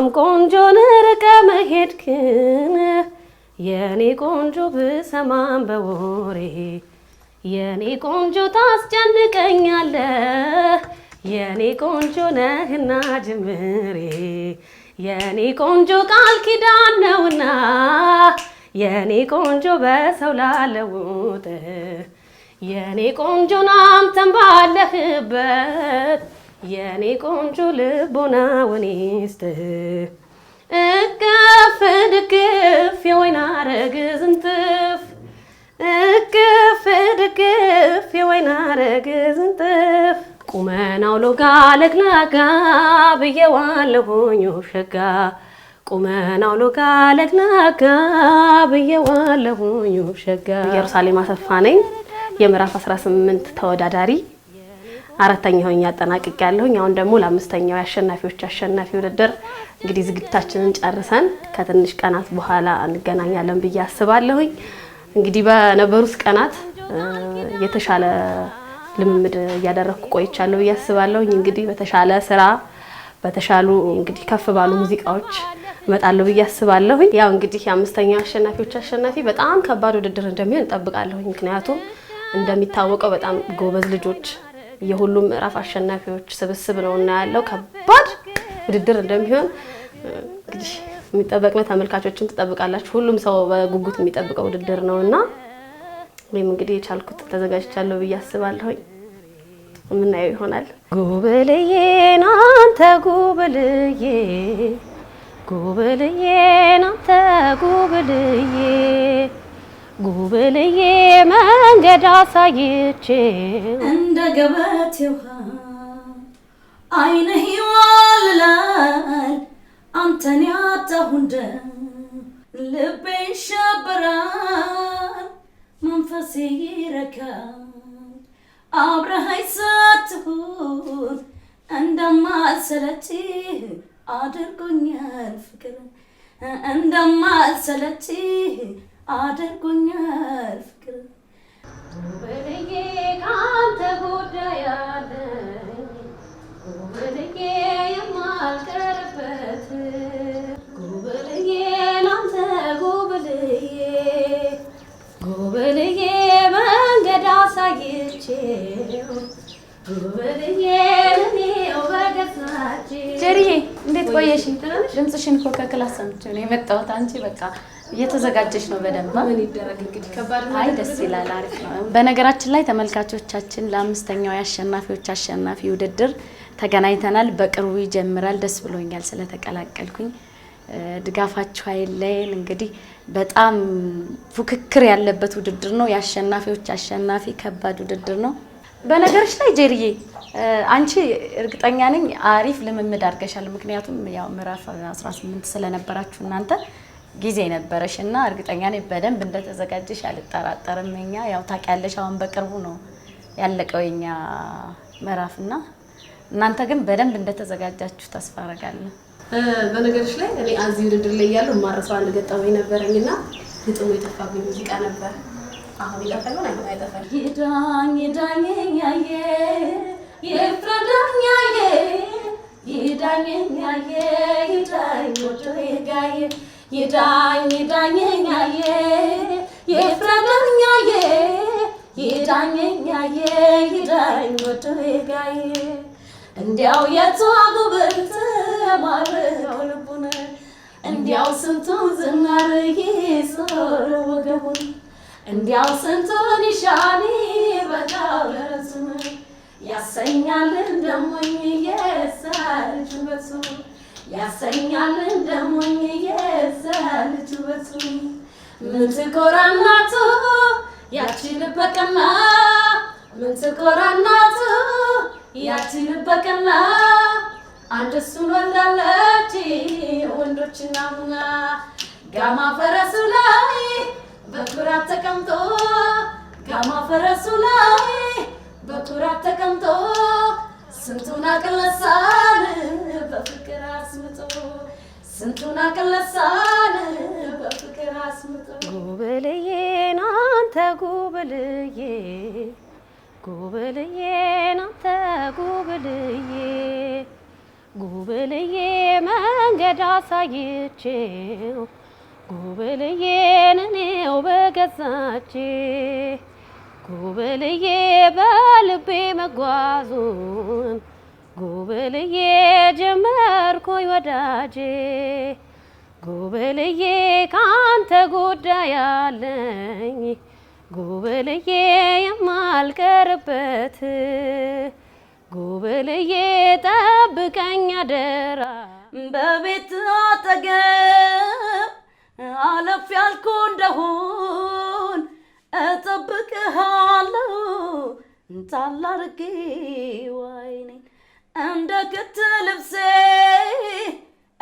በጣም ቆንጆን ርቀ መሄድክን የኔ ቆንጆ ብሰማን በወሬ የኔ ቆንጆ ታስጨንቀኛለ የኔ ቆንጆ ነህና ጅምሬ የኔ ቆንጆ ቃል ኪዳን ነውና የኔ ቆንጆ በሰው ላለውጥ የኔ ቆንጆ ናንተን ባለህበት የኔ ቆንጆ ልቦና ወኔስት እቅፍ ድግፍ የወይን አረግ ዝንጥፍ እቅፍ ድግፍ የወይን አረግ ዝንጥፍ ቁመናው ሎጋ ለግላጋ ብየዋለሁኝ ሸጋ ቁመናው ሎጋ ለግላጋ ብየዋለሁኝ ሸጋ ኢየሩሳሌም አሰፋ ነኝ የምዕራፍ 18 ተወዳዳሪ አራተኛ ሆኜ አጠናቅቄ ያለሁኝ። አሁን ደግሞ ለአምስተኛው የአሸናፊዎች አሸናፊ ውድድር እንግዲህ ዝግጅታችንን ጨርሰን ከትንሽ ቀናት በኋላ እንገናኛለን ብዬ አስባለሁኝ። እንግዲህ በነበሩት ቀናት የተሻለ ልምምድ እያደረግኩ ቆይቻለሁ ብዬ አስባለሁኝ። እንግዲህ በተሻለ ስራ በተሻሉ እንግዲህ ከፍ ባሉ ሙዚቃዎች እመጣለሁ ብዬ አስባለሁኝ። ያው እንግዲህ የአምስተኛው አሸናፊዎች አሸናፊ በጣም ከባድ ውድድር እንደሚሆን እጠብቃለሁኝ። ምክንያቱም እንደሚታወቀው በጣም ጎበዝ ልጆች የሁሉም ምዕራፍ አሸናፊዎች ስብስብ እና ያለው ከባድ ውድድር እንደሚሆን እንግዲህ የሚጠበቅ ነው። ተመልካቾችም ትጠብቃላችሁ። ሁሉም ሰው በጉጉት የሚጠብቀው ውድድር ነው እና ወይም እንግዲህ የቻልኩት ተዘጋጅቻለሁ ብዬ አስባለሁኝ። የምናየው ይሆናል። ጉብልዬ ናንተ ጉብልዬ ጉብልዬ ናንተ ጉብልዬ ጉብልዬ መንገድ አሳይቼው እንደ ገበት ውሃ አይነ ይዋልላል አንተን ያጣሁንደ ልቤ ይሸብራል መንፈሴ ይረካል አብረሃይ ሳትሆን እንደማልሰለች አድርጎኛል ፍቅር እንደማልሰለች አድርጎኛል ፍቅር ውብልዬ ካንተ ጉዳይ ያለኝ የማልቀርበት ጉብልዬ ናንተ ጉብልዬ ጉብልዬ መንገድ አሳይቼው ጉብልዬ እንዴት ቆየሽ? ድምፅሽን እኮ ከክላስ ሰምቼ ነው የመጣሁት። አንቺ በቃ እየተዘጋጀች ነው በደንብ። አይ ደስ ይላል፣ አሪፍ ነው። በነገራችን ላይ ተመልካቾቻችን ለአምስተኛው የአሸናፊዎች አሸናፊ ውድድር ተገናኝተናል። በቅርቡ ይጀምራል። ደስ ብሎኛል ስለተቀላቀልኩኝ። ድጋፋችሁ አይለየን። እንግዲህ በጣም ፉክክር ያለበት ውድድር ነው። የአሸናፊዎች አሸናፊ ከባድ ውድድር ነው። በነገሮች ላይ ጀርዬ አንቺ እርግጠኛ ነኝ አሪፍ ልምምድ አድርገሻል። ምክንያቱም ያው ምዕራፍ 18 ስለነበራችሁ እናንተ ጊዜ ነበረሽ እና እርግጠኛ ነኝ በደንብ እንደተዘጋጀሽ አልጠራጠርም። እኛ ያው ታውቂያለሽ፣ አሁን በቅርቡ ነው ያለቀው የኛ ምዕራፍ እና እናንተ ግን በደንብ እንደተዘጋጃችሁ ተስፋ አደርጋለሁ። በነገሮች ላይ እኔ አዚ ውድድር ላይ እያለሁ የማረሳው አንድ ገጠመኝ ነበረኝ እና ግጥሙ የጠፋብኝ ሙዚቃ ነበር። አሁን ይጠፋል አይጠፋል። ይዳኝ ይዳኝ ያየ ይፍረዳኝ ያየ ይዳኝ ያየ ይዳኝ ወደ ጋየ ይዳኝ ይዳኘኛዬ ይፍረደኛዬ ይዳኘኛዬ ይዳኝ ወደ ጋዬ እንዲያው የቷሉ ብልት ማረው ልቡን እንዲያው ስንቱን ዝናር ይዞር ወገቡን እንዲያው ስንቱን ይሻኒ በቃው ለረሱን ያሰኛልን ደሞኝ የሳልጅ ያሰኛል እንደሞኝ የዛልቱ በቱ ምትኮራ እናቱ ያችን በቀና ምትኮራ እናቱ ያችን በቀና አንድ እሱን ወልዳለች ወንዶችን አምና ጋማ ፈረሱ ላይ በኩራት ተቀምጦ ጋማ ፈረሱ ላይ በኩራት ተቀምጦ ስንቱን አቅለሳን በፍቅር አስምጦ ስንቱን አቅለሳን በፍቅር አስምጦ ጉብልዬ ናንተ ጉብልዬ ጉብልዬ ናንተ ጉብልዬ ጉብልዬ መንገድ አሳይቼው ጉብልዬ ነኔው በገዛቼ ጉብልዬ በልቤ መጓዙን ጉብልዬ ጀመርኩኝ ወዳጄ ጉብልዬ ካንተ ጉዳይ አለኝ ጉብልዬ የማልቀርበት ጉብልዬ ጠብቀኝ አደራ በቤት አጠገብ አለፍ ያልኩ እንደሆን እጠብቅሃ እንጣላርጌ ዋይኔን እንደ ክት ልብሴ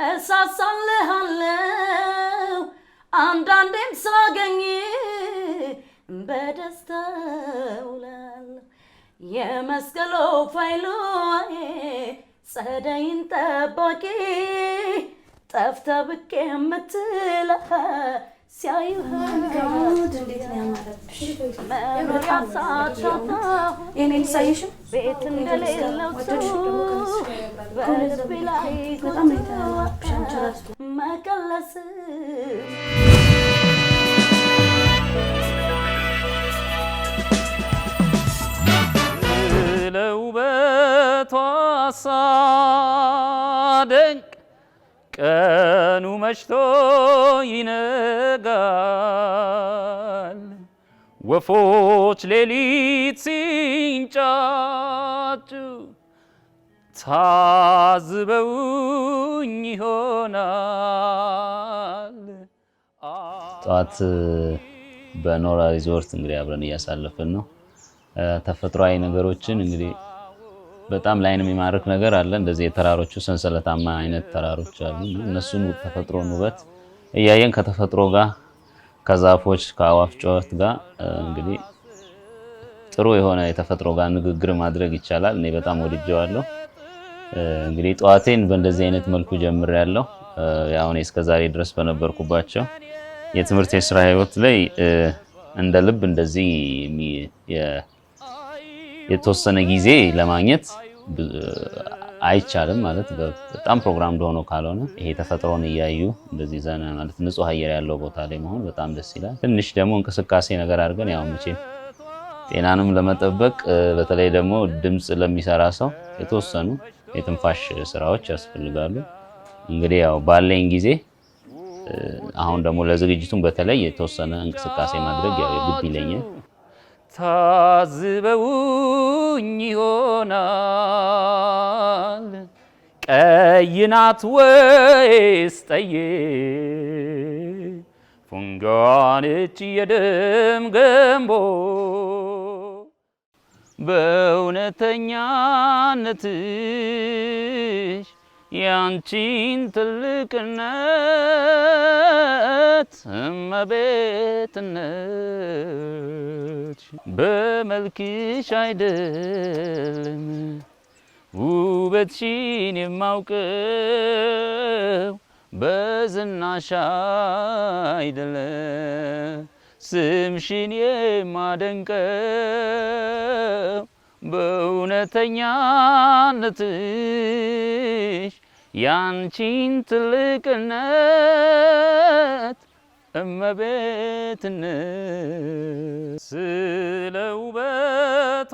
እሳሳልሃለው አንዳንዴም ሳገኝ በደስታ ውላለሁ። የመስቀሎ ፋይሎዬ ጸደይን ጠባቂ ጠፍታ ብቅ የምትለኸ ለውበቷ ሳደኝ ቀኑ መሽቶ ይነጋል፣ ወፎች ሌሊት ሲንጫጩ ታዝበውኝ ይሆናል። ጠዋት በኖራ ሪዞርት እንግዲህ አብረን እያሳለፍን ነው ተፈጥሯዊ ነገሮችን እንግዲህ በጣም ላይን የሚማርክ ነገር አለ። እንደዚህ የተራሮቹ ሰንሰለታማ አይነት ተራሮች አሉ። እነሱን ተፈጥሮን ውበት እያየን ከተፈጥሮ ጋር ከዛፎች ከአዋፍ ጩኸት ጋር እንግዲህ ጥሩ የሆነ የተፈጥሮ ጋር ንግግር ማድረግ ይቻላል። እኔ በጣም ወድጀዋለሁ። እንግዲህ ጠዋቴን በእንደዚህ አይነት መልኩ ጀምሬያለሁ። ያው እኔ እስከዛሬ ድረስ በነበርኩባቸው የትምህርት የስራ ህይወት ላይ እንደ ልብ እንደዚህ የተወሰነ ጊዜ ለማግኘት አይቻልም ማለት በጣም ፕሮግራም እንደሆነ ካልሆነ ይሄ ተፈጥሮን እያዩ እንደዚህ ዘና ማለት ንጹህ አየር ያለው ቦታ ላይ መሆን በጣም ደስ ይላል። ትንሽ ደግሞ እንቅስቃሴ ነገር አድርገን ያው መቼም ጤናንም ለመጠበቅ በተለይ ደግሞ ድምፅ ለሚሰራ ሰው የተወሰኑ የትንፋሽ ስራዎች ያስፈልጋሉ። እንግዲህ ያው ባለኝ ጊዜ አሁን ደግሞ ለዝግጅቱም በተለይ የተወሰነ እንቅስቃሴ ማድረግ ያው ይለኛል። ታዝበውኝ ይሆናል ቀይ ናት ወይስ ጠይ ፉንጋዋን እች የደም ገንቦ በእውነተኛነትሽ ያንቺን ትልቅነት እመቤትነት በመልክሽ አይደለም ውበትሽን የማውቀው በዝናሽ አይደለም ስምሽን የማደንቀው በእውነተኛነትሽ ያንቺን ትልቅነት እመቤትነት ስለ ውበቷ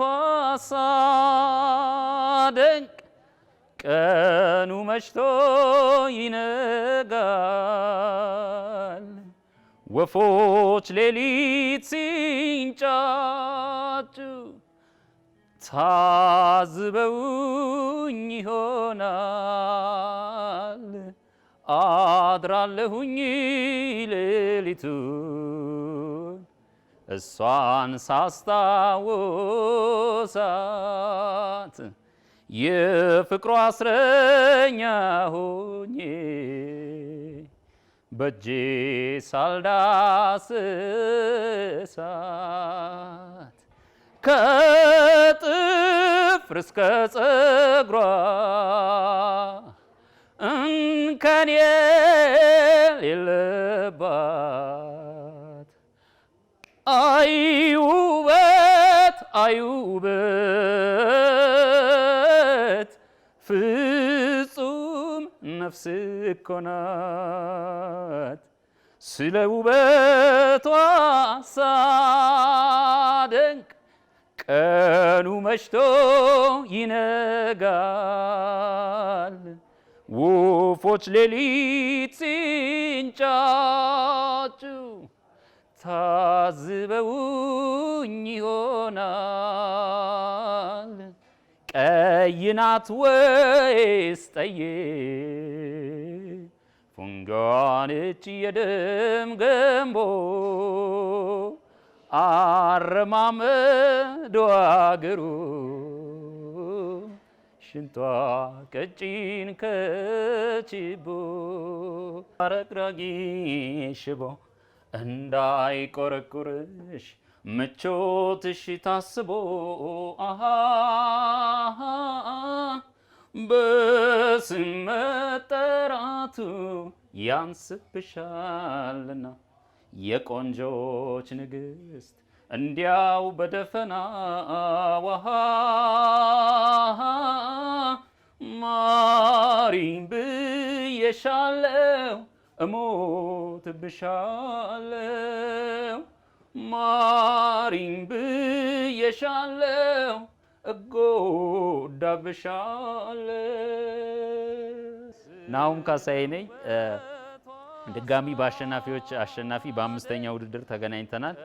ሳደንቅ ቀኑ መሽቶ ይነጋል። ወፎች ሌሊት ሲንጫጩ ታዝበውኝ ይሆናል አድራለሁኝ ሌሊቱን እሷን ሳስታወሳት የፍቅሯ አስረኛ ሆኜ በእጄ ሳልዳስሳት ከጥፍር እስከ ጸጉሯ እንከን የሌለባት አይ አይውበት አይ ውበት ፍጹም ነፍስ እኮ ስለ ውበቷ ሳደንቅ ቀኑ መሽቶ ይነጋል፣ ወፎች ሌሊት ሲንጫጩ ታዝበውኝ ይሆናል። ቀይ ናት ወይስ ጠይም ፉንጋዋን እች የደም ገንቦ አረማመዷ እግሩ ሽንቷ ቀጭን ከችቦ አረቅራጊ ሽቦ እንዳይቆረቁርሽ ምቾትሽ ታስቦ በስም መጠራቱ ያንስብሻልና የቆንጆች ንግስት እንዲያው በደፈና ዋሃ ማሪኝ ብዬሻለው እሞት ብሻለው ማሪኝ ብዬሻለው እጎዳ ብሻለ ናሁም ካሳይ ነኝ። ድጋሚ በአሸናፊዎች አሸናፊ በአምስተኛ ውድድር ተገናኝተናል።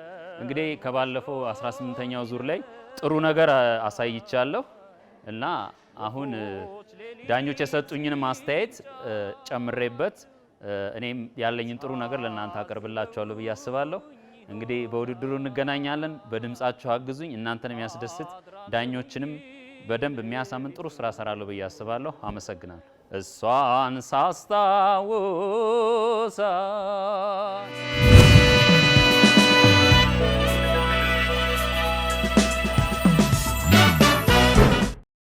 እንግዲህ ከባለፈው 18ኛው ዙር ላይ ጥሩ ነገር አሳይቻለሁ እና አሁን ዳኞች የሰጡኝን ማስተያየት ጨምሬበት እኔም ያለኝን ጥሩ ነገር ለእናንተ አቀርብላችኋለሁ ብዬ አስባለሁ። እንግዲህ በውድድሩ እንገናኛለን። በድምጻችሁ አግዙኝ። እናንተን የሚያስደስት ዳኞችንም በደንብ የሚያሳምን ጥሩ ስራ ሰራለሁ ብዬ አስባለሁ። አመሰግናለሁ። እሷን ሳስታውሳት